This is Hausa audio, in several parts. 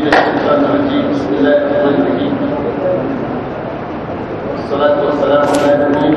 Bismillahirrahmanirrahim. Bismillahirrahmanirrahim. Salatu wassalamu ala nabiyyina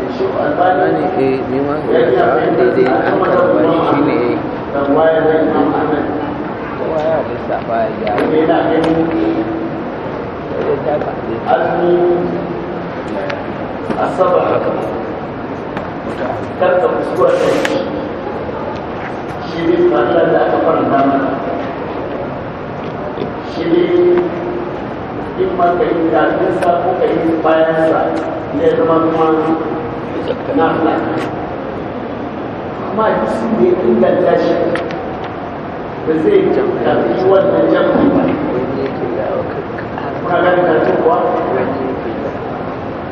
albani eh ni ma ga daidai an karba shi shine eh kowa ya lissafa ya asabar haka karka fuskuwar da shi shi ne da aka faranta mana shi ne in ma ka yi kafin sa ko ka yi bayan sa ne zama kuma zakka amma jisun da ya inganta shi ba zai karfi wannan jamfi ba kuna ganin karfin kuwa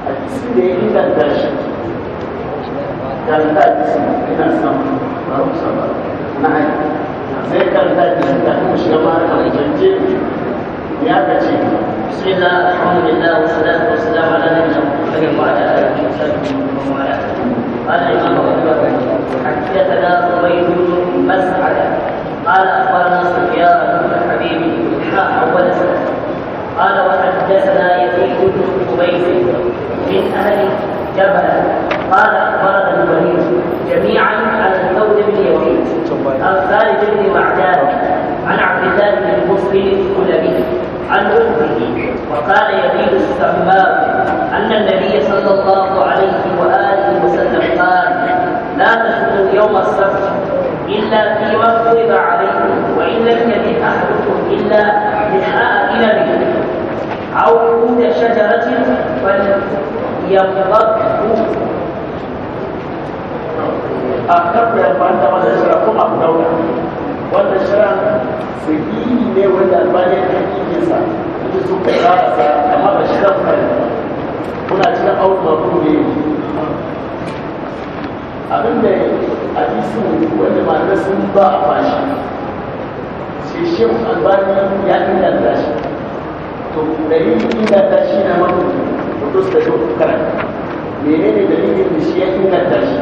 a jisun da ya inganta shi karta jisun yana samun babu sama na aiki zai karta jisun da kuma shiga ba a janje ya kace بسم الله الحمد لله والصلاه والسلام على نبينا محمد وعلى اله وصحبه قال الامام حدثنا قبيل بن مسعد قال اخبرنا سفيان بن حبيب اول سنه قال وحدثنا يزيد بن قبيس من اهل جبل قال اخبرنا الوليد جميعا عن الثور بن يزيد عن خالد بن معدان عن عبد الله بن المصري عن أمه وقال يزيد استحباب أن النبي صلى الله عليه وآله وسلم قال لا تشكوا يوم السبت إلا فيما فرض عليكم وإن لم يجد أحدكم إلا بحائل إلى أو عود شجرة فليبغضه أكبر فأنت وزيزركم أبو دولة wannan shirin sahihi ne wanda albani ya hakikin sa inda su ka a sa amma ba shirin fari muna cikin auku mafi ne Abin abinda hadisin wanda ma'ana sun ba a fashi sai shehu albani ya inganta shi to dalilin inganta shi na mafi mutu da shi karanta menene dalilin da shi ya inganta shi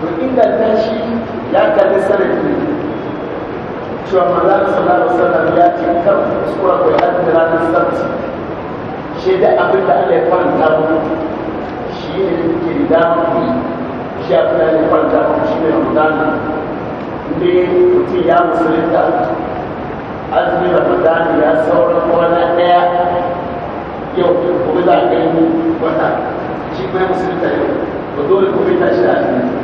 to inganta shi ya kalli ne cewa manzan sallallahu alaihi ya ce kan kuskura ko ya da ranar sabti shi da abin da Allah ya faranta muku shi ne ke da muku shi abin da Allah ya faranta mu shi ne Ramadana ne mutum ya musulunta azumin Ramadana ya saura kwana daya yau kuma za a kai wata shi kuma musulunta yau ba dole kuma ya shi da azumi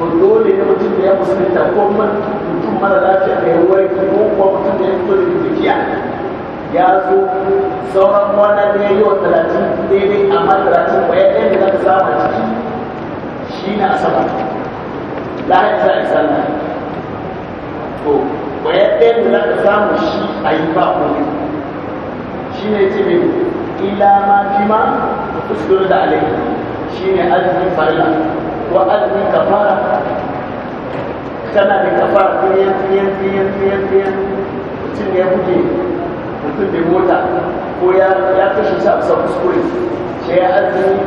to dole ne mutum da ya musulunta ko mutum mara lafiya da ya warke ko kuma mutum da ya fito da jijiya ya zo sauran kwana ne yi wa talatin daidai amma talatin kwaya ɗaya da samu a ciki shi na asabar lahadi za a yi sallah to kwaya ɗaya da zaka samu shi a yi ba komai shi ne ce mai ila ma kima da fuskar da alai shi ne arzikin farila wa azumi kafara kana da kafara fiyan fiyan fiyan fiyan fiyan ne ya mutum da mota ko ya kashe shi a bisa kuskure shi ya azumi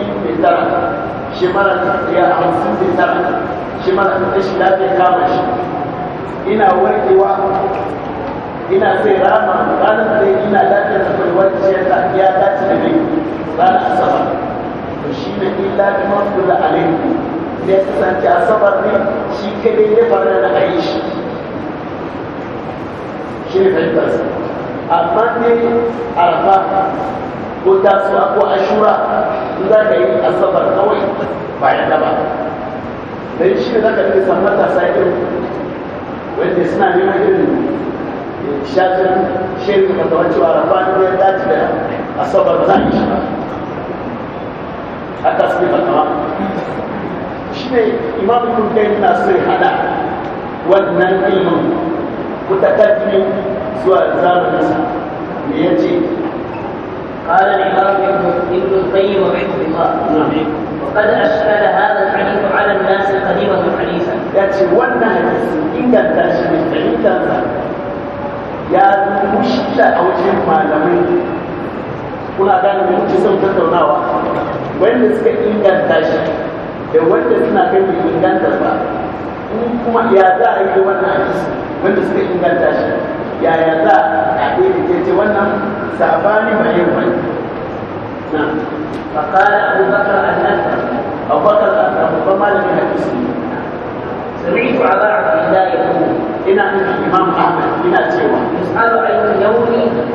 in mai tara shi mara ya tara shi ina ina sai rama ranar da ina lafiya da kwaiwar ciyar da ya dace da ne ranar sama. shi ne illa da mafula san zai a sabar ne shi kadai ne fara da ayi shi shi ne su amma ne arfa ko tasuwa ko ashura za ka yi a sabar kawai bayan da ba yi shi ne za ka yi samun matasa irin wanda suna neman irin shafin shirin da kamar cewa rafa ne ya dace da asabar za a yi shi ba haka su ne shi ne imam kurkai na so hada wannan ilimin mutakaddimi zuwa zamaninsa ne ya ce قال الإمام ابن القيم رحمه الله وقد أشكل هذا الحديث على الناس قديما وحديثا. يأتي وانا حديث إن الدرس من ya mushkila a wajen malamai kuna gane mutum sun tattaunawa wanda suka inganta shi da wanda suna kai mai inganta ba in kuma ya za a yi wannan hadisi wanda suka inganta shi yaya za a ɗaya da ce wannan sabani mai yin wani فقال أبو بكر عن أكثر أبو بكر أكثر ربما لم يحدثني سمعت أبا عبد الله يقول Ina أن الإمام أحمد إلى سوى يسأل عن يوم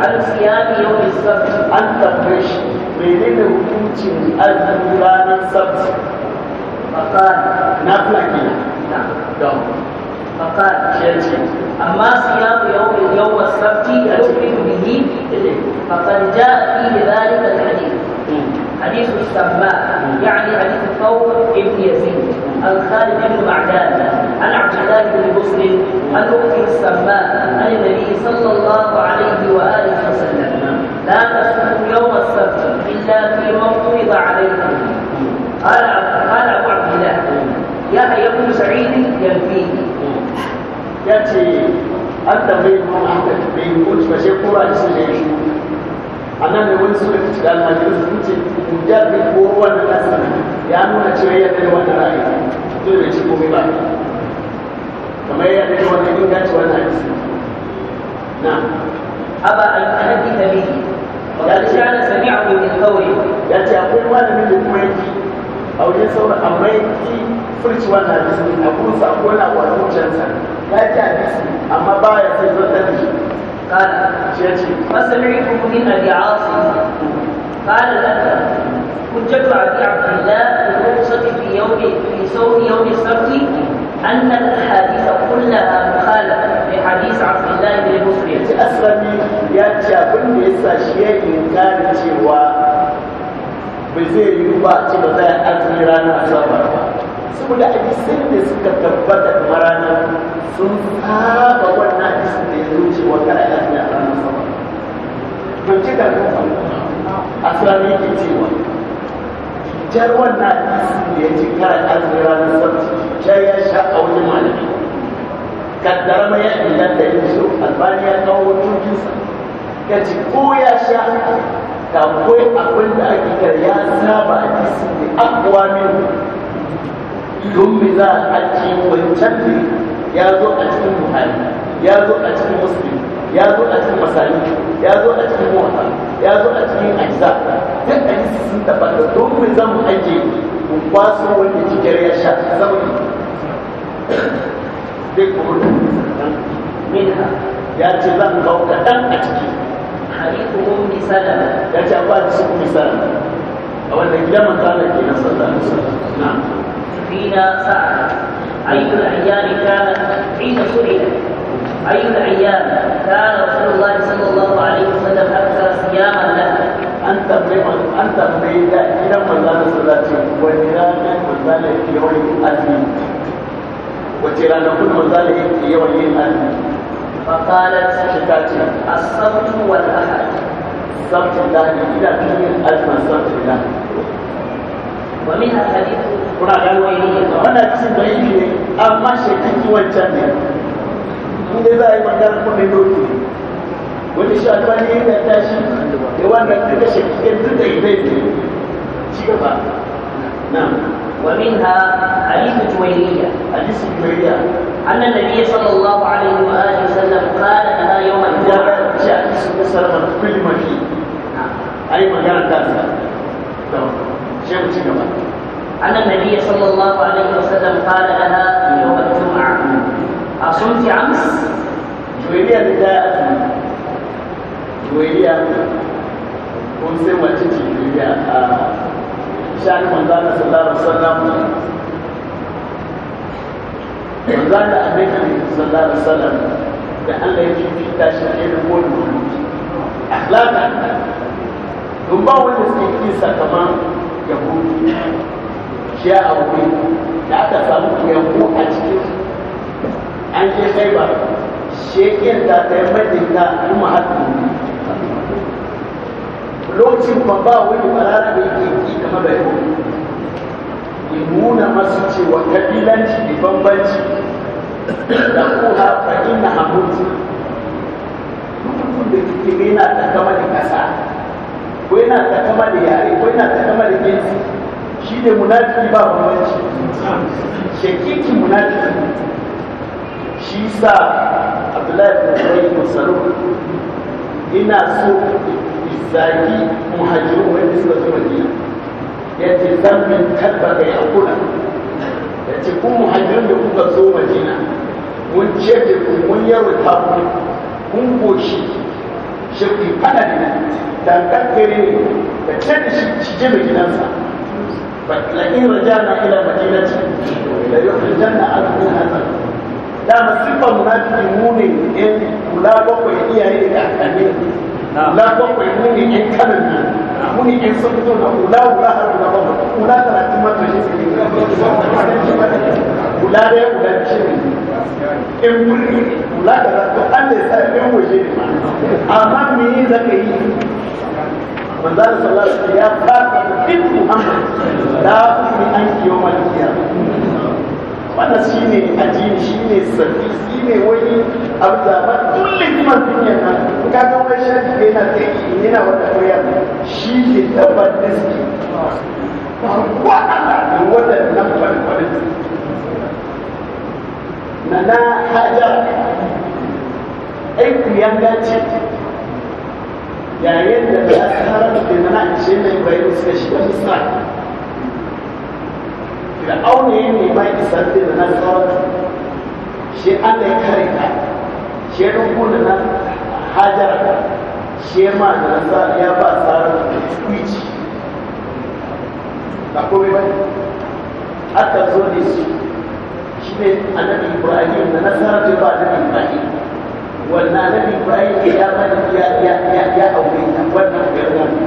عن صيام يوم السبت أن تفرش menene hukuncin azumi ranar sabti faƙar na fulaki na don faƙar ya ce amma siyamu yau da yau wa sabti a cikin bihi faƙar ja fi da zalika da hadith حديث السماء يعني حديث الثور ابن يزيد الخالد بن معدان عن عبد الله بن مسلم عن اخته السماء عن النبي صلى الله عليه واله كتب عليكم قال قال ابو عبد الله يحيى بن سعيد يلفيني ياتي an tambayi kuma an ka tambayi ko ci bashe ko ba ci da shi annan ci da almajiru su ce ya bi ko ruwan ya nuna cewa ya kai wani ra'ayi to da ci ba kamar ya kai wani na ya ce ana sami abu ne kawai ya ce akwai malamin da kuma yaki a wajen sauran amma yaki furci wannan hadisi a kusa ko na wani wucensa ya ce hadisi amma ba ya sai zartar da shi قال فسمعته من ابي عاصم قال لك حجة ابي عبد الله بالرخصة في يوم في صوم يوم السبت ان الاحاديث كلها مخالفة hadisi abdullahi ne musu ya ce asali ya ce abin da ya sa shi ya inkari cewa ba zai yi ba ce ba zai azumi ranar asabar ba saboda hadisin da suka tabbata kamar ranar sun saba wannan hadisin da ya zo cewa kana azumi a ranar asabar ba ce da kuma asali ke cewa jar wannan hadisin da ya ce kana azumi ranar asabar ya sha a wani malami kaddara ma ya da yin so albani ya kawo hujjojinsa ya ce ko ya sha ta akwai abin da ake karya ya ba a jisi da akwa min don me za a ci wancan ne ya zo a cikin buhari ya zo a cikin Musulmi ya zo a cikin masani ya zo a cikin muhafa ya zo a cikin ajza duk a jisi sun tabbata don me za mu aje mu kwaso wanda cikar ya sha saboda zai kuma minha ya ce zan kawo kaɗan a ciki harifu mun misala ya ce abuwa da su misali. a wannan gidan manzana ke nan sallallahu alaihi wasallam na fina sa'a ayyul ayyani kana fina su'ila ayyul ayyani kana rasulullahi sallallahu alaihi wasallam akthar siyaman lahu an tambaye an tambaye da gidan manzana sallallahu wani ranar manzana ke wani azumi wace rana kun في يوم yake فقالت yin azumi faqalat shikati الله sabtu كل ahad sabtu da ila kuna gano ne cin ne amma ne dai za a yi magana kuma doki wani shafa ne da duka duka ne ci gaba Na. ومنها علي بن جويرية حديث جويرية أن النبي صلى الله عليه وآله وسلم قال لها يوم الجمعة جاء سلام كل ما نعم. أي مكان التاسع نعم. أن النبي صلى الله عليه وسلم قال لها يوم الجمعة أصمت أمس؟ جويرية بداية جويرية كنت وجدت جويرية آه. شأن من قال صلى الله عليه وسلم من قال النبي صلى الله عليه وسلم لأن يجب في التشريع نقول أخلاقا ثم هو الذي كيسا كمان يهودي شيء أو da aka samu yanku a cikin an je khaibar shekin da ta yi madina al-muhaddin lokacin ba ba wani balara da yake yi kama da yau ya nuna masu cewa kabilanci da bambanci da kuma fa'in na hamurci mutum da kike yana takama da kasa ko yana takama da yare ko yana takama da gensi shi ne munafi ba bambanci shakiki munafi shi sa abdullahi da rai musalu ina so zaki muhajiru wanda suka zo madina ya ce zan min tabbata ya kula ya ce kun muhajirun da kuka zo madina mun ce da ku mun yarwata ku kun goshi shirki fana da dangantakere ne da can shi cije mai gidansa lakin rajana ila madinati da yukhrijanna al-mu'minin da masifan munafiki mu ne in kula bakwai iyaye da kakanni la bakwai mu ne yan kanan nan mu ne sun fito da kula kula har kula bakwai kula talatin mata shi su kula da kula da shi ne in mulki kula da zato allah ya sa yan waje ne amma me yi zaka kai manzo sallallahu alaihi wasallam ya fara bin muhammad la bi an yawmal qiyamah wannan shi ne addini shi ne sabi shi ne wani abu da ba dole kuma duniya na ka ga wani shafi da yana tsaye na wata koya shi ne dabbar diski ko Allah ne wannan dabbar wani na na haja aiki ya dace yayin da ta haramta na na ce mai bayan suka shiga misali fir'auna ya mai isar da na tsawon shi allah ya kare ka, shi ya da na hajar shi ma da na ya ba tsarin twici da kome ba aka zo ne su shi ne annabi ibrahim da nasarar da ba annabi ibrahim wannan annabi ibrahim ya ba da ya ya ya ya aure wannan gargaɗi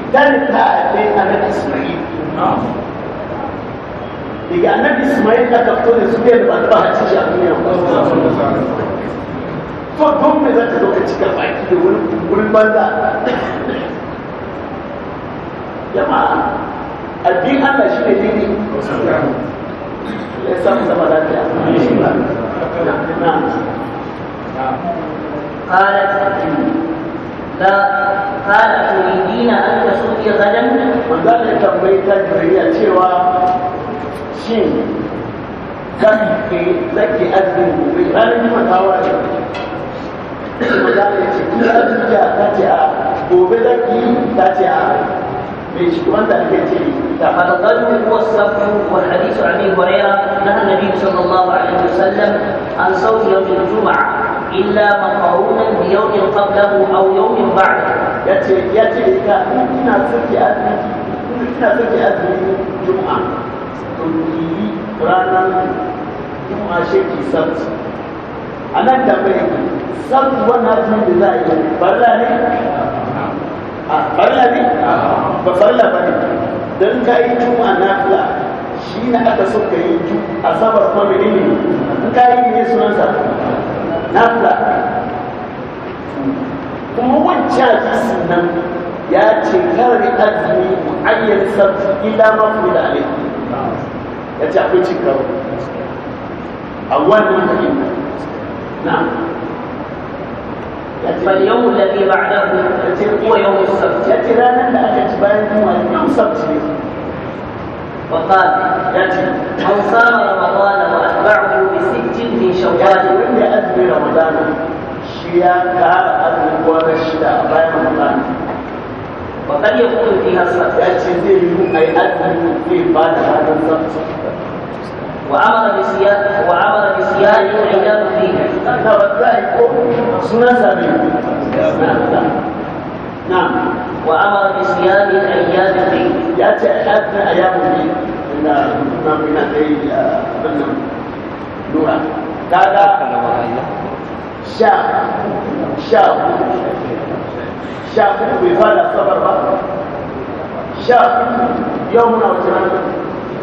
idan ta a annabi isma'il daga annabi ismail aka kone su biyar ba ba a ci a duniya to don me za ta zo ka cika baki da wurin banza jama'a addin allah shi ne dini ya samu sama lafiya قالت لا قال تريدين أن تسوقي غدا؟ وقال تنبيت الجريئة cewa. shine zaki zaki azumin gobe ranar jima ta ware kuma za ka ce kuma azumin jiya ta ce a gobe zaki ta ce a mai shi kuma da ake ce فقد الرجل هو الصف والحديث عن ابي هريره نهى النبي صلى الله عليه وسلم عن صوم يوم الجمعه الا مقرونا بيوم قبله او يوم بعده. ياتي ياتي ina soke azumi ina soke azumi juma'a kulli ranar juma'a ce ki sabti a nan tambaye ki sabti wannan azumin da za a yi farla ne a farla ne ba farla ba ne don ka yi tun a fila shi na aka so ka yi tun a sabar kuma mai ne in ka yi ne sunansa na kuma wancan hadisin nan ya ce kare azumi mu'ayyan sabti ila mafi da alaihi ka ci akwai cin karo فاليوم الذي بعده هو يوم السبت وقال من رمضان وأتبعه بست من شوال من أذن وقد يكون فيها الصلاة يأتي ذي أي أذن في بعد هذا الصلاة وأمر بصيام وأمر بصيام العيال فيه. نعم وأمر بصيام الأيام فيه. لا تأتي أيام فيه. هذا شاب شاب شاب يقال صبر شاب يومنا وثمانية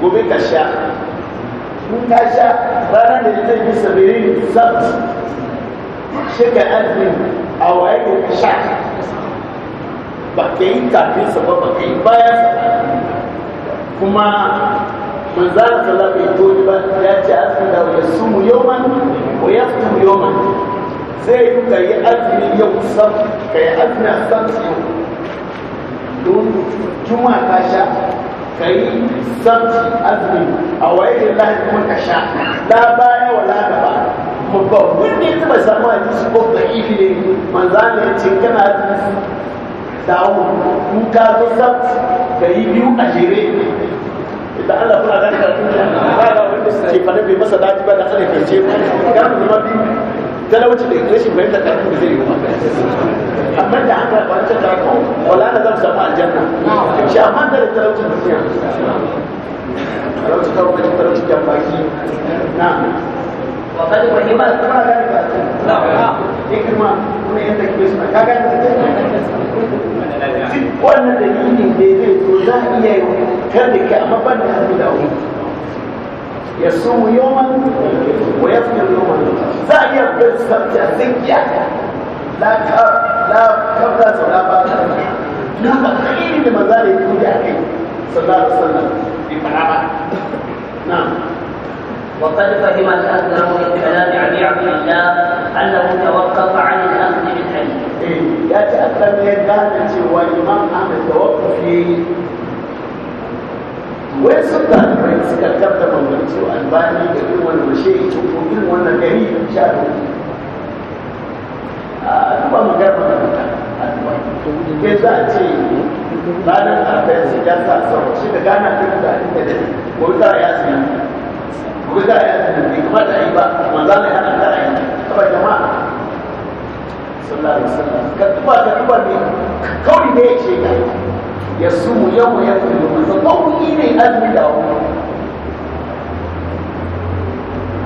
gobe ka sha mun ka sha ranar da zai yi sabirin sabt shi ka azumi a waye ko ka sha ba ka yi tafi sa ba ka yi bayan sa za a sallah bai tori ba ya ce azumi da ya yau man ko ya yau man Sai yi ka yi azumi yau sabt ka yi azumi a sabt yau don juma ta sha kai yi sabti azumi a waye da lahi kuma ka sha la baya wala la gaba babba wanda ya taba samu a jisi ko da ifi ne manzana ya ce kana azumi dawo in ka zo sabti ka yi biyu a jere da Allah kuna ganin karatu ba ga wanda ce fa bai masa daji ba da kai ce ba ga kuma biyu talauci da rashin fahimtar karatu da zai yi wa amma da an karɓa ta karatu wala na zan samu aljanna shi amma da talauci da siya talauci kawo mai talauci da baki na wakar da wani ma da kuma gani ba ne kuma kuma yadda ke suna ka gani wannan da yi ne zai zo za a iya yi kar da ke amma ban da hannu da wuri يصوم يوما ويفطر يوما لا يقدر يستمتع زكية لا لا قبل ولا بعد هذا خير لما زال يكون عليه صلى الله عليه وسلم في نعم وقد فهم الأكرم من كلام عبي عبد الله أنه توقف عن الأخذ بالحديث. إيه يا تأكرم يدان أنت والإمام أحمد توقف suka tabta bambancin albani da irin wani mashe ya ce ko irin wannan gari da sha da a duba mu garba da mutum a duba ke za a ce ranar arba'in su ya sa sau shi da gana ta kuka inda da ko za a yasi ko za a yasi da bai kuma a yi ba kuma manza na yana ta a yi kaba jama'a sallallahu alaihi wasallam ka duba ka duba ne kawai ne ya ce ya sumu yau ya kuma manzo kawai ne azumi da wani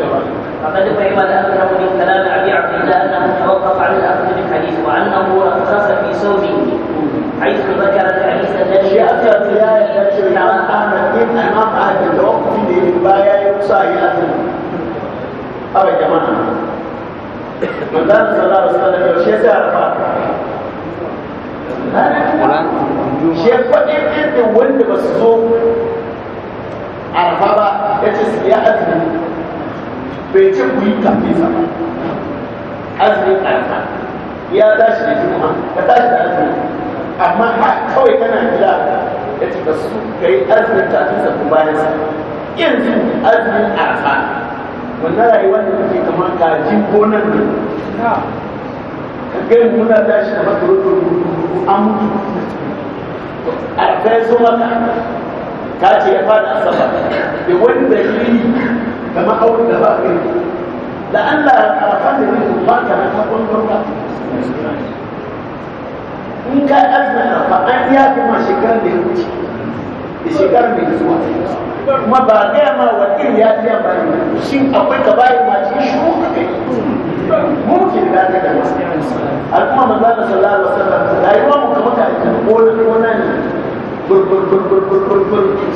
فقد فهم الاكثر من كلام ابي عبد الله انه توقف عن الاخذ بالحديث وانه رخص في صومه حيث ذكر الحديث الذي ياتي في الايه التي احمد بن احمد الوقت للروايه يقصى أو يا جماعة مدام صلى الله عليه وسلم يوشي سعرفا شيخ فدير إذن وند بسوق عرفا يتسليحة bai ce ku yi kafin sa azumin karfa ya tashi da juma'a ka tashi da azumi amma ha kawai kana gida ya ce su ka yi azumin kafin sa ku bayan sa yanzu azumin karfa wannan rayuwa da kuke kamar kajin gonan ne gani muna tashi da makarotun an mutu a kai zo maka ka ce ya fada asaba da wani dalili kamar auren da ba a gari da Allah karafan da zai ba ka na kakon dauka in ka azna ba an iya kuma shekarar da ya wuce da shekarar ya zuwa kuma ba gaya ma iri ya biya ba ne shi akwai ka bayi ma shi shuru ka kai da ta na mu kamar ka kan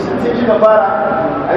gona fara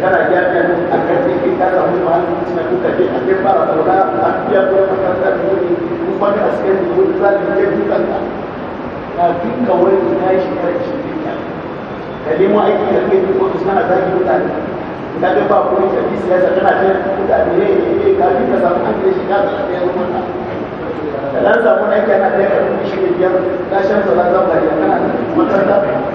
yana jami'a ne a kan cikin kada wani mahalin suna duka ke a fara kauna a biya ko makarantar da wani kuma da aske da wani k'a ke ka na duka wani na yi shekarar shi ne ka nemo aiki da kai duk wani suna zaɓi mutane na ga ba kuma da bisa ya na mutane ne ne ka bi ka samu an shi ka zaɓi ya zama na ka dan samu aiki ana ɗaya ka kuma shi ne biyar na shan zama zama da yana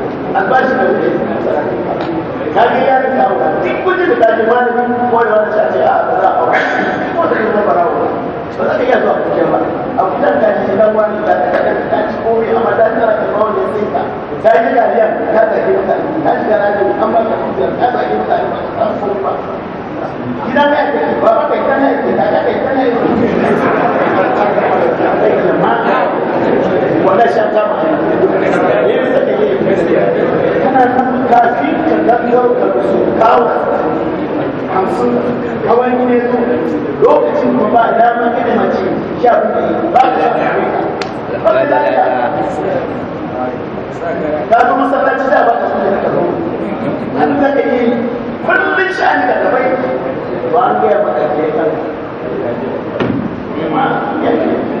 an ba shi abin da ka ga ya rika wa duk gudun da kaji malami ko da wani sa a ah, ba za a ba ko da kuma ba rawa ba za ka iya zuwa kuke ba a kudan ka shi dan wani da ka da ka ci komai amma da ka ka ba wani sai ka ka yi dariya ka zage mutane ka shiga rajin an ba ka kuɗi ka zage mutane ba ka samu ba gidan ya ba ba kai kana yake da ka kai kana yake wala shan kama ne bisa ka yi kana nan kafi ka dangaro ka su kawo hamsin hawan ne zo lokacin ba ba dama ita mace sha ba ka ka zo masallaci da ba ka so ta zo an da ka yi kullum sha'ani da gabai ba an gaya maka ke kan ma yanke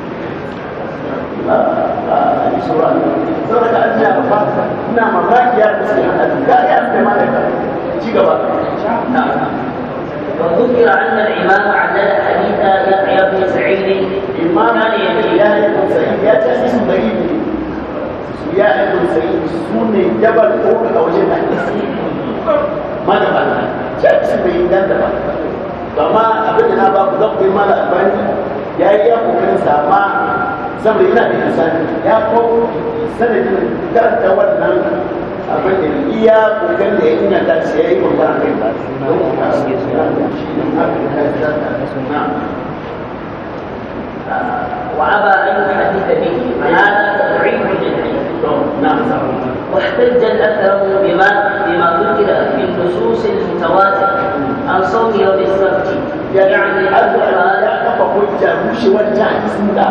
sauran saboda an ji ba ina mamaki ya da suke hada ga ya da malaka ci gaba na وذكر أن الإمام عدل حديث يحيى بن سعيد إمام يحيى بن سعيد يا تأسيس غريب يا بن سعيد سوني جبل فوق أو جنة ما نفعل تأسيس غريب لا نفعل فما أبدنا باب ضبط مال أبني يا يا مكنسة ما saboda yana da misali ya ko sanadin karanta wannan abin da iya kokarin da ya ina ta ce ya yi kokarin kai ba don ku ka suke su ya ku shi ne abin da ya zata suna وأبى أن يحدث به هذا تضعيف للحديث نعم واحتج الأثر بما بما ذكر في النصوص المتواترة عن صوم يوم السبت يعني أبو هريرة فقلت مش وجهت سنة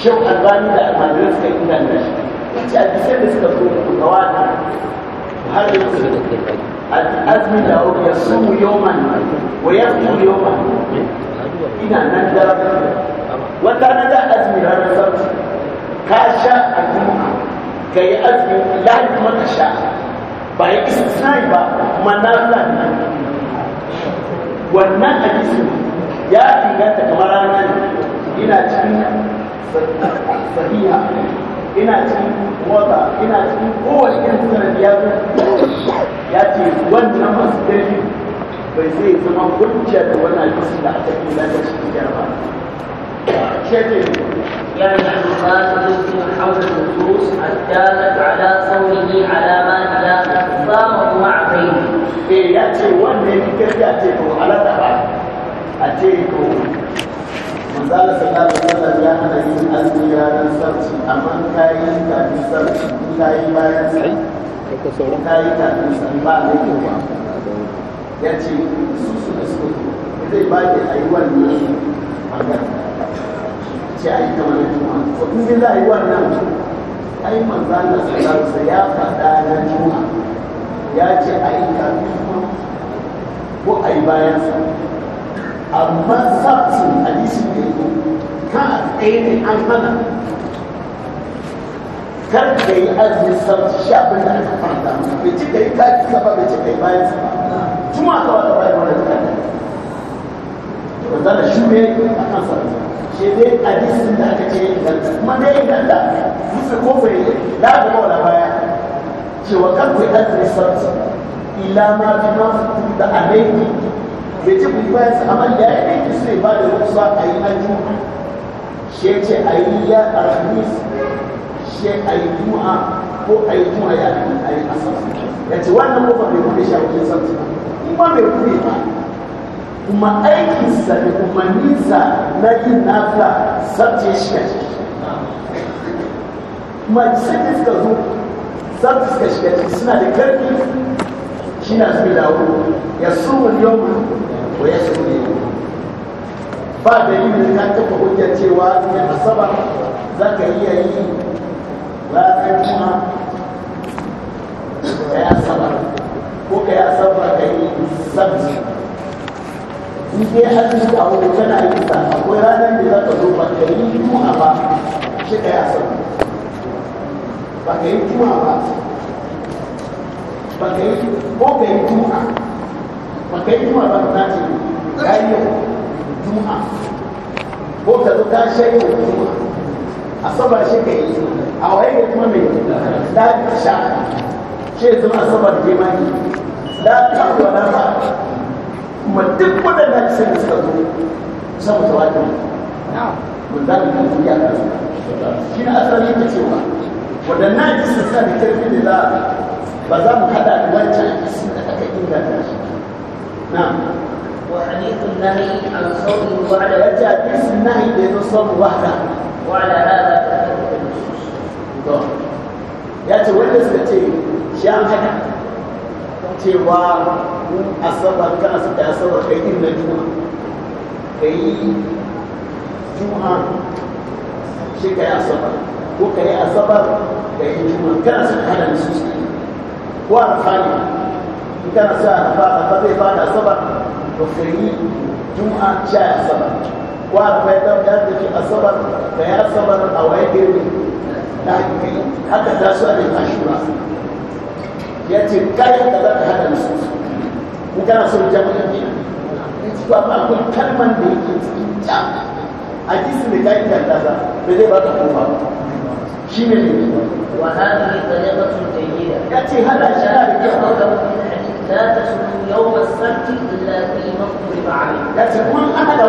shau albani da almajirai suka inganta shi yace a disai da suka zo ku gawa da har yanzu azmi da ya sumu yoman wa ya sumu yoman ina nan da wata na za azmi ranar sauti ka sha a juma'a ka yi azmi yi kuma ka sha ba ya isa istisnai ba kuma na manazan nan wannan hadisi ya dinganta kamar rana ina cikin sahiha ina cikin wata ina cikin kowane irin sanadi ya ya ce wannan masu dalili bai zai zama hujja da wannan hadisi da aka yi da shi da ba شكل يعني المفاسد حول النصوص الدالة على صوره على ما إذا صامه مع بينه. إيه يأتي وأن يكتب يأتي على تبع. أتيكم manzala sallallahu alaihi wasallam ya hana yin azumi ranar sarki amma ka yi kafin sarki ka yi bayan sarki ka yi kafin sarki ba a ba ya ce su su da su zai ba ke a yi wannan magana ce a yi kamar da kuma to in dai za a yi wannan ai manzala sallallahu alaihi ya faɗa na juma ya ce a yi kafin ko a yi bayan sarki amma sabtin hadisi ne ka a tsaye ne an hana kar da yi azumin sabti shi abin da aka fara bai ci da yi kaki ka ba bai ci da yi bayan sa tuma ka wata bayan wani da wanda da shure a kan sabti shi dai hadisin da aka ce ya inganta kuma dai inganta musu kofa ya yi da aka kawo da baya cewa kan ku yi azumin sabti ila ma fi ma fi da alaiki bai ce kuyi bayan su amma da ya yi su ba da rusa a yi aju shi ya ce a yi ya alhamis shi a yi juma'a ko a yi juma'a ya yi a yi asar ya ce wannan kofa mai kuɗe shi a wajen sarki ba in ma kuɗe ba kuma aikinsa da kuma nisa na yin nasa sarki shi ka ce kuma sai da suka zo za shi suka ce suna da karfi shi na su dawo ya su miliyan wa ya su ne ba dalilin ka kafa hujjar cewa ya asaba za ka iya yi ranar kuma ka yi asaba ko ka yi asaba ka yi sabbi in dai yi a wuri kana yi sa akwai ranar da za ka zo ba ka yi juma ba shi ka yi asaba ba ka yi juma ba ba ka yi ko ka yi juma ba kai juma'a ba ta ce ya yi juma'a ko ka zo ta shaida a asabar shi ka yi a waye ga kuma mai da ta shaka shi ya zama asabar jemani da ta wala ba kuma duk na ta sani suka zo saboda tawakin mun zaɓi kan duniya ta shi na asali ta cewa waɗannan jisun sa da kirkin da za ba za mu haɗa da wancan jisun da aka inganta shi نعم وحديث النهي عن الصوم وعلى وجه حديث النهي بأن الصوم وحده وعلى هذا تفرد النصوص ya ce wanda suka ce shi an haka cewa mu asabar ka asuba asabar kai din na juma kai juma shi kai asabar ko kai kai su su in kana a ba a ba zai fada asabar to yi juma'a sha asabar ko a kai dan da ke asabar da ya a waye da hakiki haka ta so a ne ashura ya ce kayan da za su in kana so jami'a ne in ci ba ma akwai kalman da yake shi ne wa hada ne da ba hada da kyau لا تشكوا يوم السبت إلا فيما اضطرب عليه da ce kun aka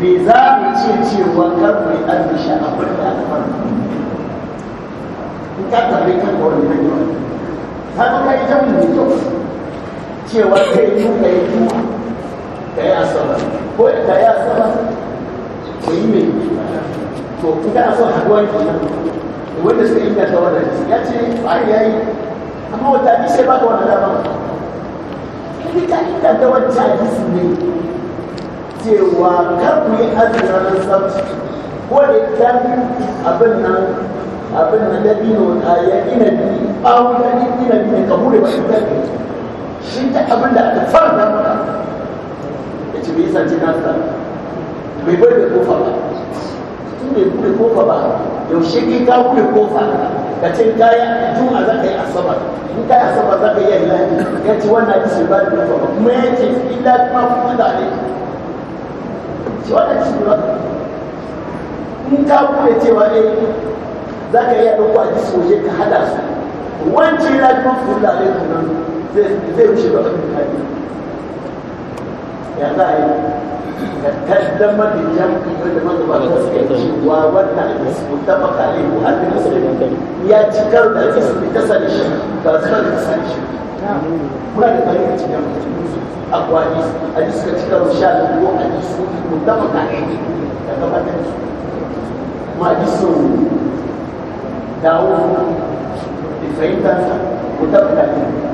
me za mu ce cewa kar ku yi a kullum ta aka fara in da yawa ta mu kyau cewa kai yi ka yi kuma ka yi asabar ko ka yi asabar ko yi mai to ita a son haduwa kenan wanda suka inganta ya ce ai yayi amma wata hadisi ba ka wannan dama in ka inganta wancan su ne cewa kar ku yi azumi ranar sabti ko da ta abin nan abin nan dabino a ya inabi bawon ina bi ne ka hure shi ta shi ta abin da aka da maka ya ce bai sace na ta bai bai da kofa ba tun bai bude kofa ba yaushe kai ka bude kofa ka ce kaya tun a za ka yi asabar in ka yi asabar za ka yi lahadi ya ci wannan ci ba da nafa kuma ya ce illa kuma kuma da ne shi wannan ci ba in ka kuma cewa ne za ka yi ɗauko kwaji soje ka hada su wance na kuma kuma da ne zai wuce da wani ya za a yi تشتم اليمن بالمنطقة da وانا متفق عليه وهل المسلم يتكر الاسم بتسأل الشيخ تسأل الشيخ muna da tarihi cikin akwai hadis ka cikin sha biyu hadis mutama ka ne da gabatar su ma hadisu dawo da fahimtar mutama ta ne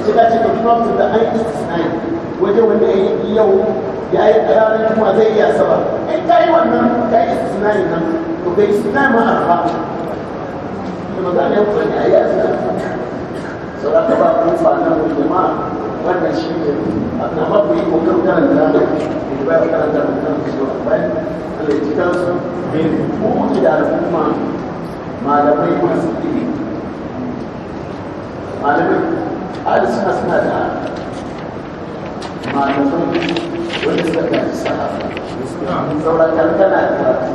sai ta ce ka kuma su da an istisnai wajen wanda ya yi yau ya yi a kuma zai iya saba in ka yi wannan ka yi istisnai nan to ka yi istisnai ma a ba da magana ya kuma ya yi asali sauran ka ba kuma ba nan wani jama'a wannan shi ne na mafi yi kokarin karanta da yi bayan karanta da kan cewa bayan alaikitan su mu muke da al'umma malamai masu ilimi malamai ahli suna suna da malamai wanda suka gaji sahaba sauran kankana karatu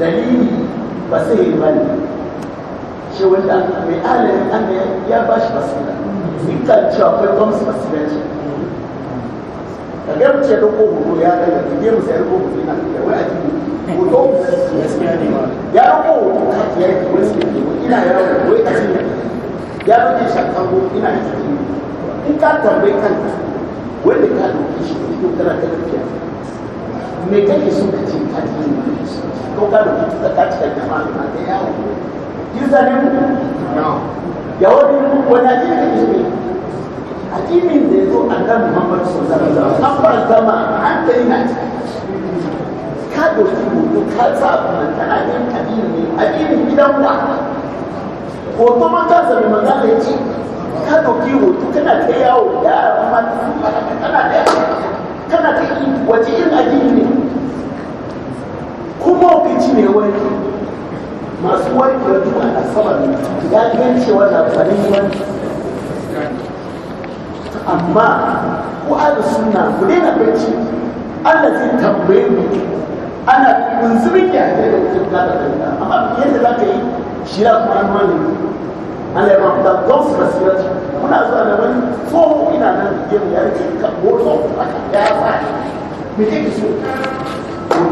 dalili ba sai yi bane shi wanda mai alayin an ya ba shi basira in kan cewa akwai bams basira ce ka ga mace da ko hoto ya kai da ke musa ya ko hoto yana da wai a jini hoto ya ko hoto ya yi wani ina yawon wai a jini ya rufe shi a ko ina da sarki in ka tambayi kanta wanda ka dauki shi ko tana da dukiya me kake so ka ce ka ji ko ka dauki ta ka cika jama'a na ta yawo kirza zane mu ya wani mu wani ajiyar kake so ne addinin da ya zo a kan muhammadu sallallahu alaihi wasallam an bar zama hankali na ciki ka dauki hoto ka sa kuma tana yin addini addinin gidan wa hoto ma ka zama magana ka zai ka doki hoto kana ta yawo yara ma kana ta kana ta yi wace irin addini ne kuma hukunci ne wani masu wani da a sama ya gan cewa na farin wani amma ku ala suna ku daina bacci Allah zai tambaye mu ana yanzu kunzumin da ya da wutar da amma yadda za ka yi shi ya kuma an wani ana yawan ba don su basira ce muna zuwa da wani tsohon ina nan da gemu ya rike ka moto a ya sa me ke ki so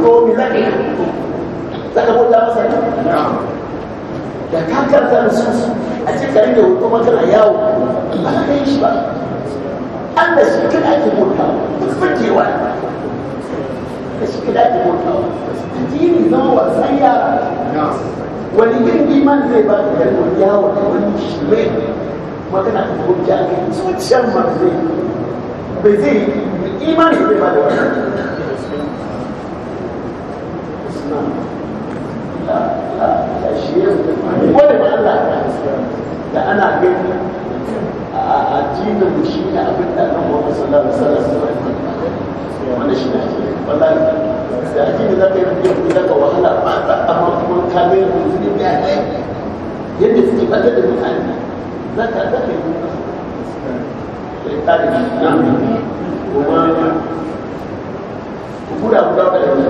ko mi za ka yi za ka bota masa ne da ka da su a cikin kare da hoto na yawo ba ka yi shi ba an da shi kan ake bauta duk da shi kan ake bauta addini zama wasan yara wani irin iman zai ba da kalmar yawon wani shirme magana ta hujja ga zuciyar man zai bai zai imani zai ba da wani wani ba Allah da ana gani a addinin mu shi ne abin da nan wa sallallahu alaihi wasallam wanda shi ne wallahi da ake da zaka yi rage gida ga wahala ba ta amma kuma kamar da su ne da ɗaya yadda suke fata da mutane za ka za ka yi kuma sai kare na kuma ku kura ku dauka da wani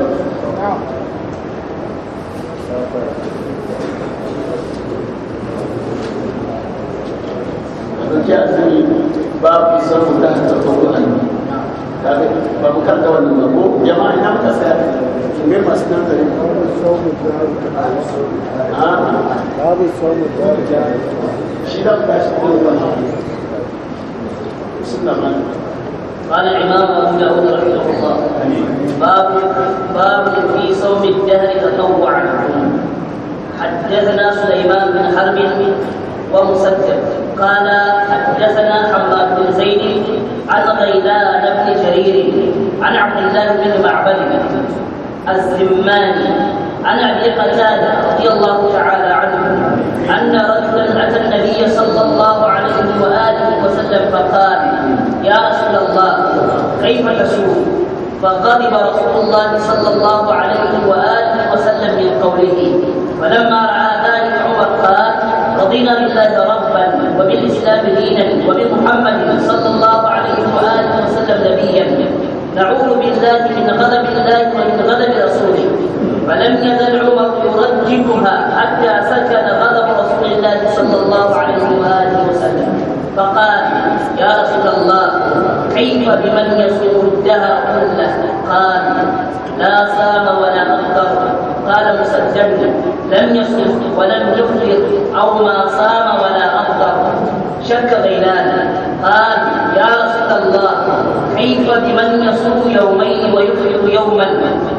Wanda ke asali babu samun da haka a ba mu karɓa wannan ba ko jama'a ina muka saya me masu nan gari babu saumu da shi قال الإمام أبو داود رحمه الله باب باب في صوم الدهر تطوعا حدثنا سليمان بن حرب ومسدد قال حدثنا حماد بن زيد عن غيلان بن جرير عن عبد الله بن معبد الزماني عن ابي قتاده رضي الله تعالى عنه ان رجلا اتى النبي صلى الله عليه واله وسلم فقال يا رسول الله كيف تسوق فغضب رسول الله صلى الله عليه واله وسلم من قوله فلما راى ذلك عمر قال رضينا بالله ربا وبالاسلام دينا وبمحمد صلى الله وآله وسلم نبيا نعوذ بالله من غضب الله ومن غضب رسوله فلم يزل عمر يرددها حتى سكن غضب رسول الله صلى الله عليه واله وسلم فقال يا رسول الله كيف بمن يصوم الدهر كله قال لا صام ولا افطر قال مسجدا لم يصم ولم يفطر او ما صام ولا افطر شك غيلان قال يا رسول الله كيف بمن يصوم يومين ويفطر يوما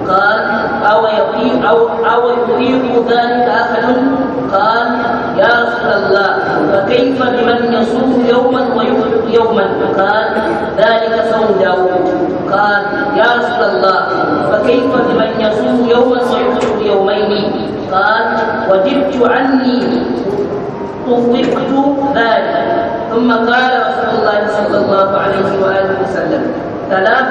قال أو يطيق أو أو يطيق ذلك أحد قال يا رسول الله فكيف بمن يصوم يوما ويفطر يوما قال ذلك صوم داوود قال يا رسول الله فكيف بمن يصوم يوما ويفطر يومين قال وجبت عني طفقت ذلك ثم قال رسول الله صلى الله عليه وآله وسلم ثلاث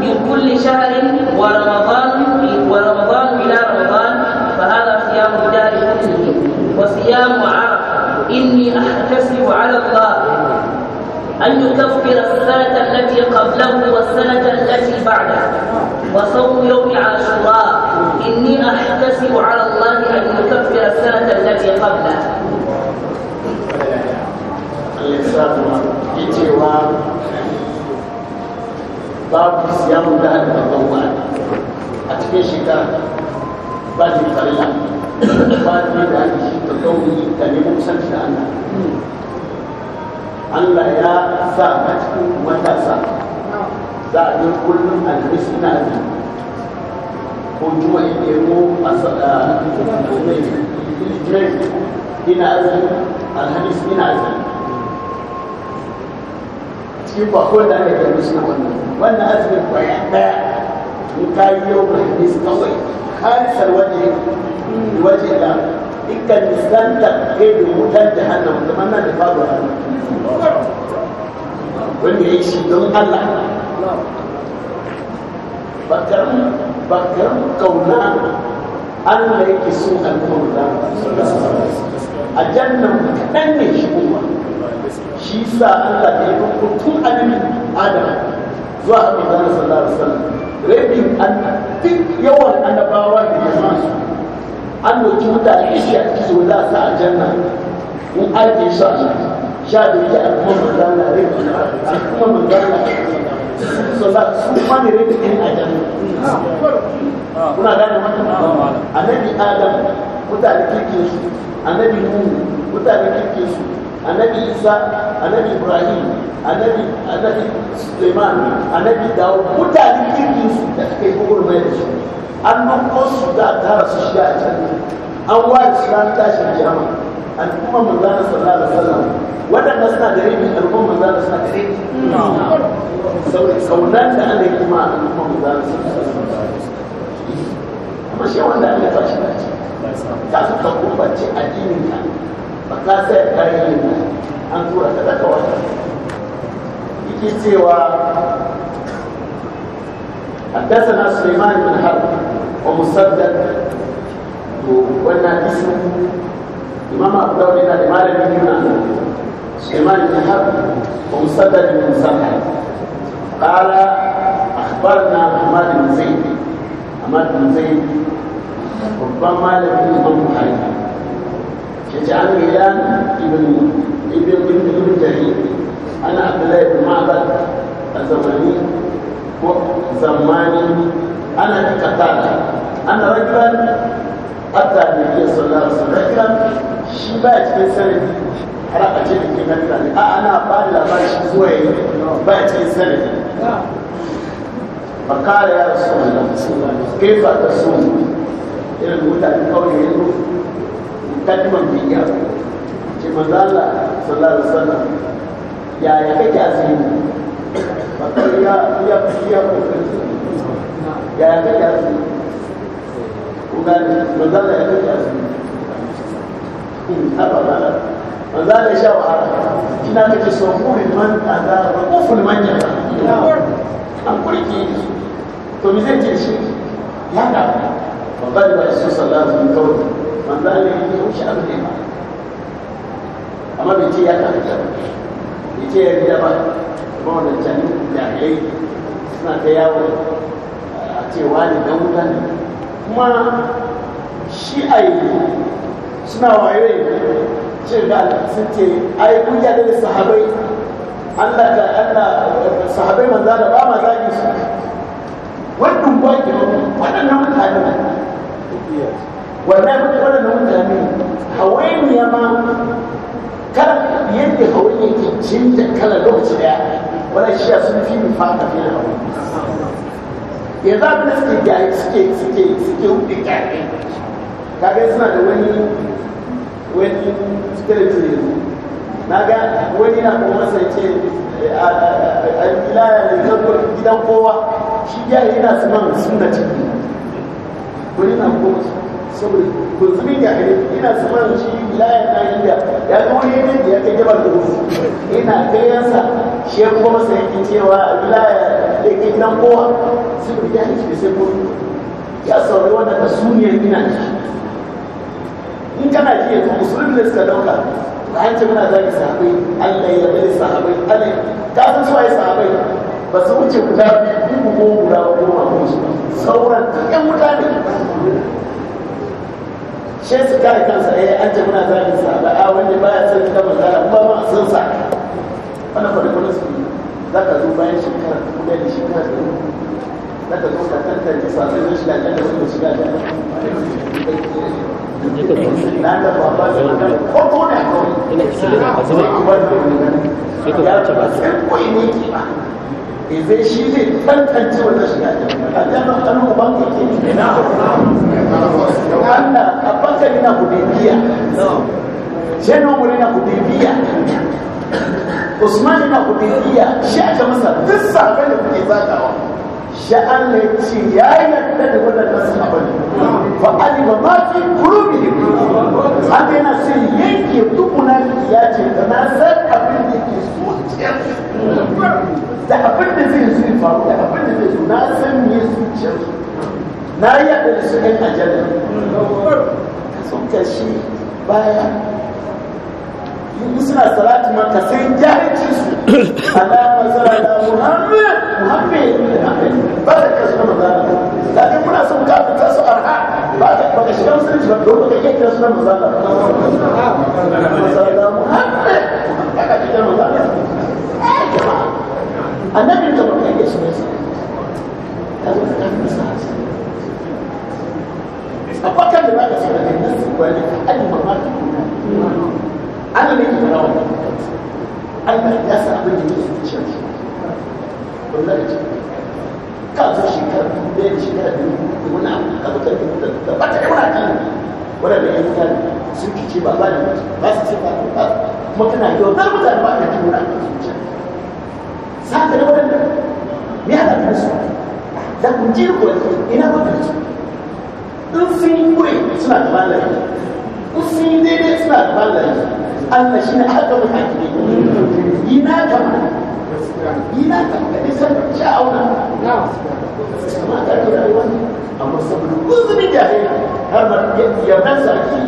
من كل شهر ورمضان ورمضان إلى رمضان فهذا صيام الدار كله وصيام عرفة إني أحتسب على الله أن يكفر السنة التي قبله والسنة التي بعده وصوم يوم عاشوراء إني أحتسب على الله أن يكفر السنة التي قبله lissafuwa ya cewa babu siyamun da aka babban a cikin shekara ba ne farilla ba ne da ake shi ta kauri da neman Allah Allah ya sa a cikin matasa za a yi kullum alhamis ina azumi ko a ne ko litinin ina azumi alhamis ina azumi shi ba ko da ake gani shi wannan wannan azumin kwaya daya in ka yi yau ka hadis kawai kansar waje waje da dukkan nisan da ke da wutar jahannam da manna da babu hannu wanda ya yi shi don Allah ba karam ba karam kauna Allah yake so al'umma a jannan kaɗan ne shi kuma shi sa Allah da ya ɗauko tun annabi Adam zuwa annabi Adam sallallahu alaihi wasallam rabin Allah duk yawan annabawa da ya zo su an doki mutane shi a cikin zo a sa aljanna in an ke sha sha da yake al'umma manzana rabin al'umma manzana so za su kwani rabin ɗin aljanna kuna gane wannan annabi Adam mutane kirkin su annabi Nuhu mutane kirkin su annabi isa annabi ibrahim annabi annabi suleiman annabi dawo mutanen kirkin su da suka yi mai da su an nufo su da tara su shiga a can an waye su ran tashin kuma al'umma manzana sallallahu alaihi wasallam waɗanda suna da rabi al'umma manzana suna da rabi saunan da ana yi ma al'umma manzana sallallahu alaihi wasallam amma shi wanda an ya fashi da ce ka su ka addinin ta? maka sɛ ayiwa anturo sɛbɛ tɔ ɔsɛ iti ti wa adasana suleman bin ha ɔmu sɛbɛ to wɛna isu imam abudulayi bin ali maa lebi yuna suleman bin ha ɔmu sɛbɛ bin musanna kaara akubarina ahmad bin zayn ahmad bin zayn ɔbaa maa lebi yuna ɔmu ha yi. يجعل هلال ابن ابن ابن ابن جرير أنا عبد الله بن معبد الزماني زماني أنا كتابة أنا رجلا أتى النبي صلى الله عليه وسلم رجلا شبات في سنة حرقة جلد مثلا أنا بعد لا بعد زوي بعد في سنة فقال يا رسول الله كيف تصوم؟ إلى المتعة قوله kalman biyya ce mazala sallallahu alaihi ya ya kake azumi hmm, bakar ya ya ya ya ya kake azumi kuma mazala ya kake azumi in abada mazala sha wahala kina kake so kurin man kaza wa kufun manya an kurki to me zai ce shi ya da babban da su sallallahu alaihi manzo Allah ya wuce abu ne ba amma bai ce ya da bai ce ya gida ba kuma wannan can jami'ai suna ta yawo a cewa ne dan wuta ne kuma shi a suna wayo ce da sun ce da sahabai Allah ta Allah sahabai da ba ma zaki su wannan wannan mutane ne wannan wannan mutane hawainiya ma kar yadda hawainiya ke jinta kala lokaci daya wani shiya sun fi mu fata fiye da ya za mu suke gari suke suke suke hudu gari kaga suna da wani wani spiritual yanzu na ga wani na kuma masa ce a wilaya da gidan kowa shi ya yi su man suna ciki wani na kuma saboda kunzumin ga gare ina saman shi layan na inda ya ga wani da ya kai gabar da wasu ina gayansa shi ya kuma masa yake cewa laya da ke nan kowa sun fi ya shi da sai kuma ya ka wannan kasuniyar ina ci in kana ji yanzu musulmi da suka dauka an ce muna zaki sahabai allah ya bari sahabai allah ka san suwaye sahabai ba su wuce guda biyu ko guda goma ko sauran duk yan mutane shi su kare kansa eh an ce muna zagin sa da a wanda baya son ka manzara kuma ba a san sa wannan kwada kwada su za ka zo bayan shekara kuma da shekara da za ka zo ka tantance sami zai shiga da da wanda shiga da na da baba da na ko ko da kawai ina cikin da ba zai kubar da wani ya ce ba eh, sai koyi ne ki ba zai shi zai tantance wanda shiga da a jami'an uban ka ke na Allah abaka nina kudibia Shani na nina kudibia Usman nina kudibia Shaka masa tisa kwenye kujibata Sha Allah ci ya yarda da wadannan sahabbai na alima ma fi qulubihim Allah yana sai yanke duk munafiki ya ce da na san abin da da abin da zai zai da abin da zai zo na san me zuciyar na yarda da su ɗan aljanna sun ka shi yi yin suna salatu ma ka san jahilci su alama zara da muhammad muhammad ba da kasu na mazana lakin muna son ka fita su arha ba ka ba ka shiga musulunci ba don ka yadda su na mazana mazana muhammad ba ka shiga mazana annabin da ba ka yadda su ne su ka zo ka tafi masu tabbatar da zaka sanar da nan wani an mamaki ana ne kira wannan Allah ya sa abin da yake zuciyar shi wallahi ce ka zo shekara da ya shekara da da wani abu ka zo da da ba da wani abu wannan da yan tsari sun kice ba ba ne ba su ce ba ba kuma kana yau da ba da juna a zuciya saka da wannan me ya da su za ku ji ku ina ku da su in sun kure suna da malami in sun yi daidai suna da malami Allah shi ne aka mu hakimi yi na ka ma yi na ka ma da san auna. na amma ta ke rayuwa amma saboda uzuri da ya har ma ya nan sarki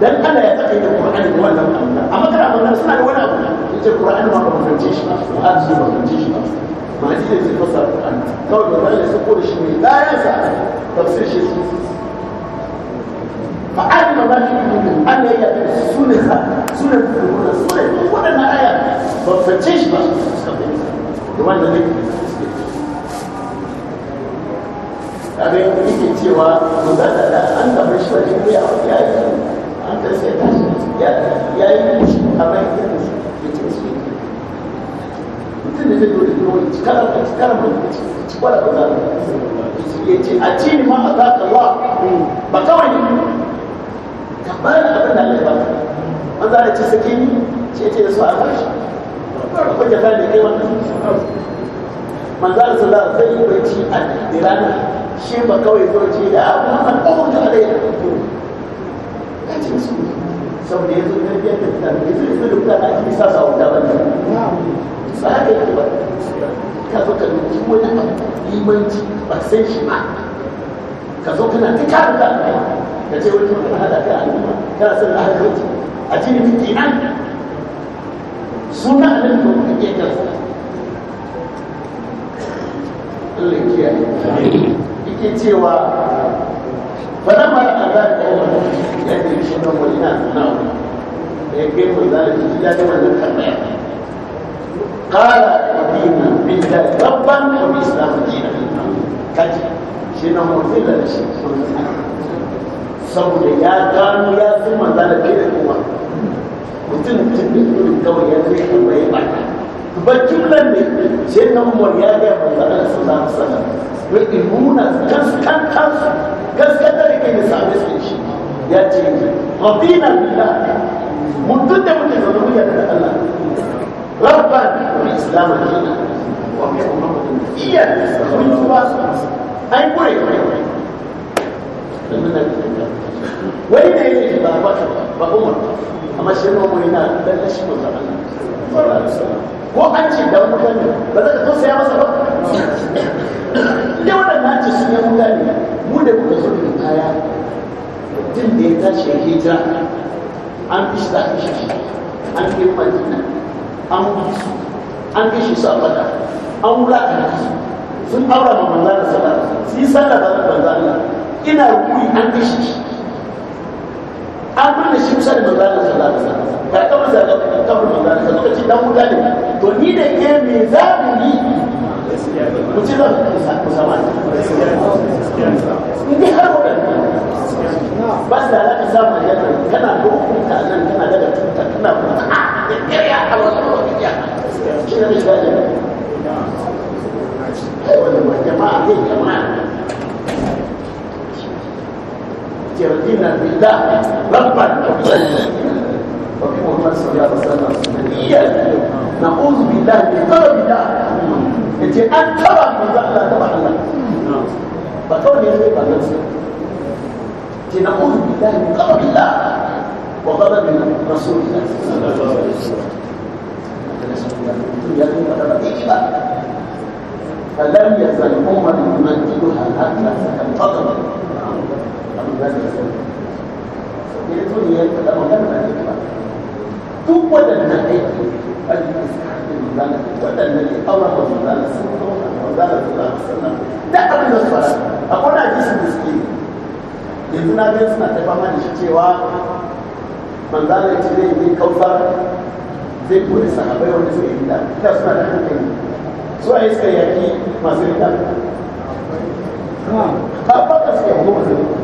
dan Allah ya tsaka da Qur'ani da wannan abu amma kana wannan suna da wani abu yace Qur'ani ma ba mu fahimce shi ba cikin ba mu fahimce shi ba ba shi ne zai fasa kawai da Allah su sako da shi ne da ya tafsir shi فعلم ما في قلوبهم أن يأتي سنة سنة الأولى ba الأولى الآية ba بقى wanda ne kaga yake cewa maza da an gaba shi wajen ne a wani yayi an ta sai ta shi ya yi shi a bayan yadda shi ke ce su mutum da zai dole dole cikar cikar da cikar da cikar da cikar za a ci sakini ce ce da su a bashi ko da kai kai wannan manzan sallah zai yi bacci a dirana shi ba kawai zo ce da abu hakan ko mutu a daya ya ce su saboda ya zo na biyar da fita ya zo ya zo da fita na ake sa sa wuta ba ne su haka yake ba ka zo ka nuki wani limanci ba san shi ba ka zo kana ta kara da ka ce wani mutum hada kai al'umma kana son na haka a ce take an suna da ko kake ta Allah kiyaye yake cewa wannan ba da da ya ke shi nan wani na nuna ya kai mun zalunci shi ya ga wannan tambaya قال ربنا بالله ربا وبالاسلام دينا kaji shi na mozilla da shi saboda ya gano ya fi manzana fiye da kowa mutum jibin irin kawai ya zai kuma ya bata ba jumlan ne sai na umar ya ga manzana su za su sana ya imuna gaskantar su gaskantar da kai da sami su shi ya ce rabina billah mutum da muke zama muya da Allah rabban bi islam dina wa bi ummatin iya mutuwa ai kure kure wai ne yake ba ba ba umar amma shi ma mun yana dan shi mun zama ko an ce dan mutane ba za ka tausaya masa ba da wannan na ce sun yan mutane mu da kuka zo da kaya din da ya tashi ya hijira an fi shi an shi an fi madina an bi su an kashe su a bada an wulaka sun aura ma manzana sallah su yi sallah ba da manzana ina kuri an kashe shi an murna shi kusa da manzana sallallahu alaihi wasallam ba ta da manzana sallallahu alaihi dan wuta ne to ni da ke me za mu yi mu ci zan ku sama in har wadannan ba su da alaƙa samun yadda kana ta nan kana daga tuta kana kuma ta da ah, ya a wasu ya shi ne da shi da ne ai wannan jama'a ne jama'a ترضينا بالله ربا وفي محمد صلى الله عليه وسلم نعوذ بالله من طلب الله انت ان تبع من الله تبع الله فكون يزيد عن نفسه نعوذ بالله من غضب الله وغضب رسول الله صلى الله عليه وسلم فلم يزل امه يمجدها حتى انفضلت duk waɗannan aiki aiki su haɗin manzana waɗannan ne aura da manzana sun zauna manzana da zauna sannan da abin da suka a kwana hadisin da suke yanzu na biyan suna tafa ma da shi cewa manzana ya ce zai yi kautar zai kore sahabai wanda suka yi da ita suna da hankali su a yi suka yaki masu rita ba ba ka suke hukumar zai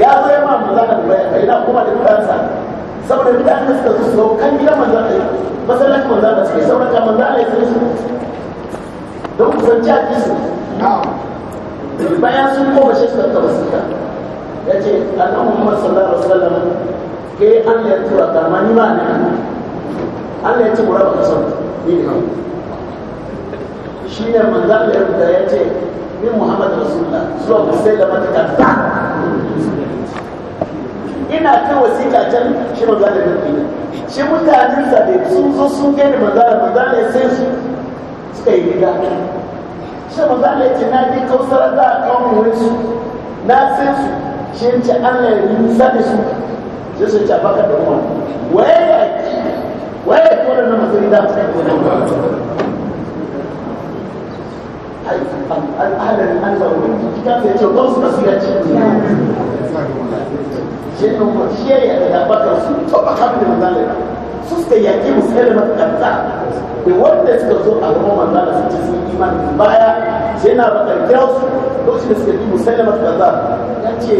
ya zo ya ma manzan da baya kai na kuma da kansa saboda mutanen da suka zo su kan gidan manzan da masallaci manzan da suke saboda kan manzan da ya sai su don kusanci a kisu bayan sun koma shi suka taba suka ya ce annan muhammad sallallahu alaihi wasallam ke an ya tura ta ma ni ma ne an ya ce muraba ka son ni ne shi ne manzan da ya rubuta ce min muhammad rasulullah zuwa musailama ta kanta ina ta wasiƙa can shi maza da nufi shi mutanen sa da sun zo sun gani maza da maza ne sai su suka yi gida shi maza da ce na ji kausar za a kawo mu su na sai su shi ce allah ya nisa da su sai su ce baka da umar waye ya ki waye ya kone na masu gida alhalin an zaune kika sai ce don su basira ce shenu ko shiya da ya bata su to ba kan da manzala ba su yaki musulmi da kanta da wanda suka zo a gaban manzala su ci su baya sai na bata kyau su lokacin da suka yi musulmi da kanta ya ce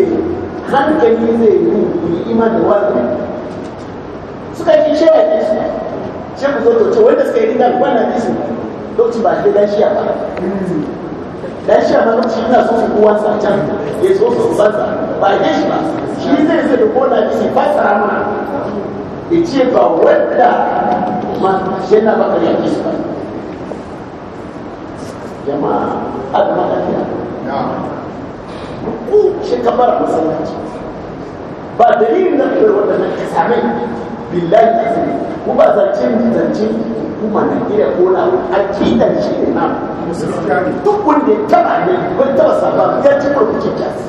hankali zai yi mu iman da wani suka yi shiya da su ce mu zo to wanda suka yi dinga wannan bisu lokacin ba sai dashiya ba dashiya ba lokacin ina so su kuwa sa can ya zo su ba ke shi ba shi zai zai da kola shi fasara mana ya ce ba wanda ma shi na baka ya ke shi ba jama'a adama lafiya ku shi kabara masallaci ba dalilin na kai wanda na ka same billahi azumi ku ba zancen zancen kuma na gida ko na akidan shi ne na duk wanda ya taba ne wani taba sabon ya ci kwanci kyasi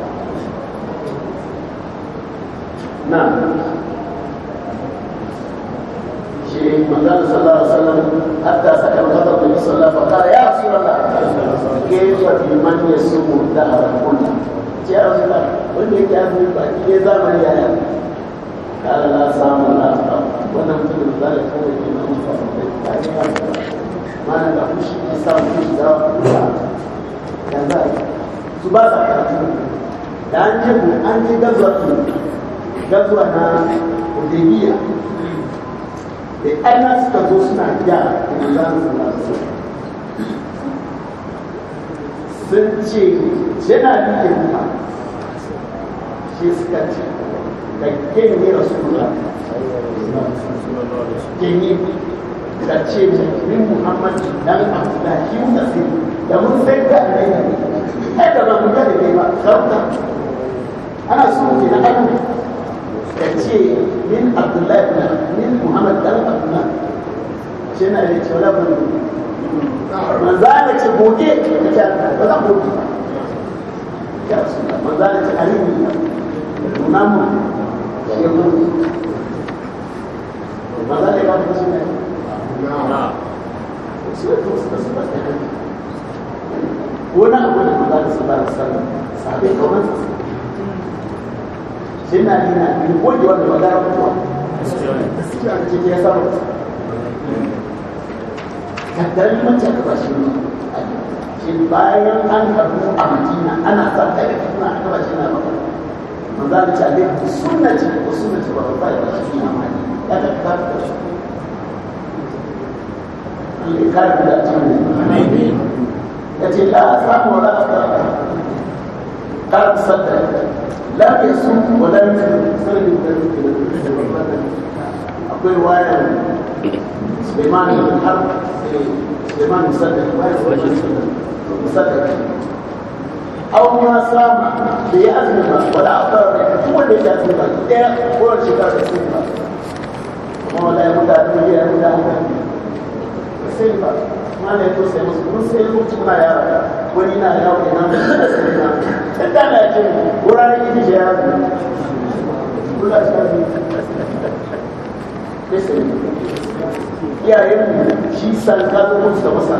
na shi manzan sallallahu alaihi wasallam hatta sakar kasar da sallallahu alaihi wasallam ya rasu lalla kaifa bi man yasumu dahar kullu ce wanda yake azumi baki ne yaya kala la samu la wannan mutum da zai kawai ke nan mutum da ya yi mana da fushi ya sa mutum da kula yanzu da an gazuwa na hudaybiya da ana suka zo suna gyara da manzan sallallahu sun ce yana da yamma shi suka ce da kin ne rasulullah gini da ce min muhammad dan abdullahi mutasi da mun sai da annabi ne kada ba mu da ba sauka ana so ne na annabi ka ce min abdullahi na min muhammad dan abdullahi shi na da cewa labarin na, ce buɗe ka ce ba za buɗe ya su na, ce alibi na mu ya buɗe manzana ya ba ta shi ne wani abu da su ba da sallah sahabai kawai sai na nuna biyu ko da wanda magana kuwa gaskiya da cikin ya samu mace shi ne shi bayan an karbi a madina ana sa ta da kuma aka na ba manzo da ce abin suna ce ko suna ce ba ba ba shi na ma ya ta ka ta shi Allah kare da tsarin ne ya ce la sa ko la sa قال تصدق لا يصوم ولا يصوم سنة أقول رواية سليمان بن حرب سليمان مصدق رواية مصدق أو ما سام بيأذنها ولا أقرر هو اللي يأذنها إيه هو اللي يأذنها وما لا يمتع الدنيا يمتع الدنيا سيبا wanda ya tausaye musu mun sai lokaci muna yara wani na yawo ina mai suna sai na sai da na ce wuraren gidi je yaro kula ta ne sai iyayen mu shi san ka zo musu da masa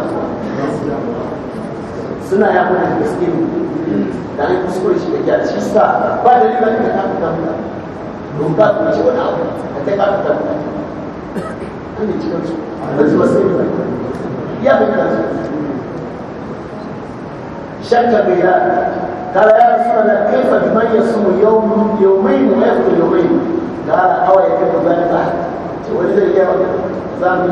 suna ya mana gaske ne da an kuskure shi da kyar shi sa ba da riba ne ka fita mutane don ba ku ce wani abu da ta ka fita an ne cikin su ba su wasu ne yapo kazi shaka bila kala ya rasulullah kaifa tumani yasumu yawm yawmayn wa yaqul yawmayn kala awa yakun dhalika tuweza yawa zambi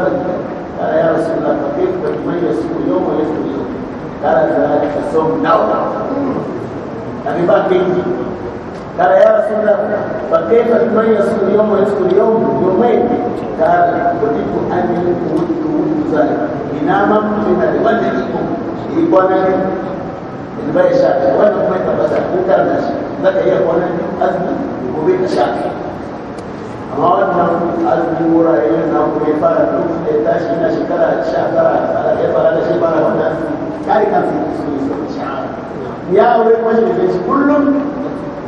kala ya rasulullah kaifa tumani yasumu yawm wa yaqul yawmayn kala dhalika sawm now abibaki قال يا رسول الله فكيف من يصوم يوم ويفطر يوم يومين قال اريد ان اريد اريد ذلك انما كنت لمن يكون in bai sha ta wannan kuma ta fasa ko ta na shi za ka iya kwanan azumi gobe ka sha ta amma wannan azumi wurare na kuma ya fara duk da ya tashi na shekara sha tara ya fara da shekara wannan kari kan su su su sha ya aure kuma shi da shi kullum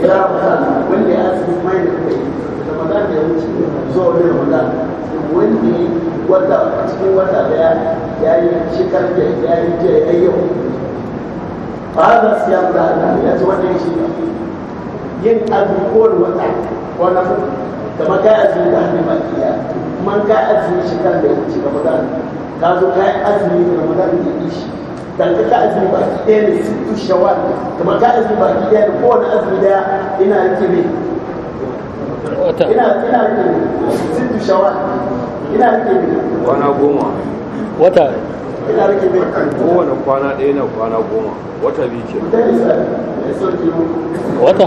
ya ramadan wanda ya azumi mai da kai ramadan da ya wuce zuwa wani ramadan wanda wata a cikin wata daya ya yi shekar da ya yi jiya ya yi yau ba za su yamu da Allah ya ci wannan shi yin ko kowane wata wani kamar ka azumi da hannun baki ya kuma ka azumi shekar da ya wuce ramadan ka zo ka yi azumi da ramadan da ya yi tanka ka azumi ba ki ɗaya ne sittu shawar kamar ka azumi ba ki ɗaya ne kowane azumi ɗaya ina yake ne ina ina yake ne sittu shawar ina yake ne kwana goma wata ina yake ne kowane kwana ɗaya na kwana goma wata biyu ke wata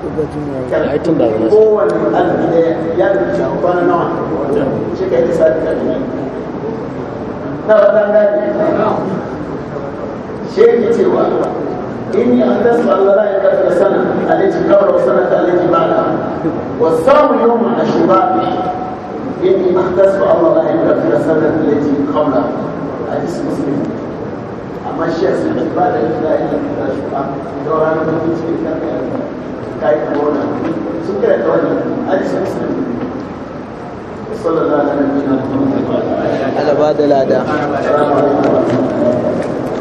kai da wani kowane alibi da ya rubuta kwanan nawa da shi ka yi da sana aliki kawar wasu na wa samu yi mu a shi ba bi in yi an dasa allara ya wani mutum cikin kafa ya fi ta yi kuma wannan sun kira da wannan hadisi da lada.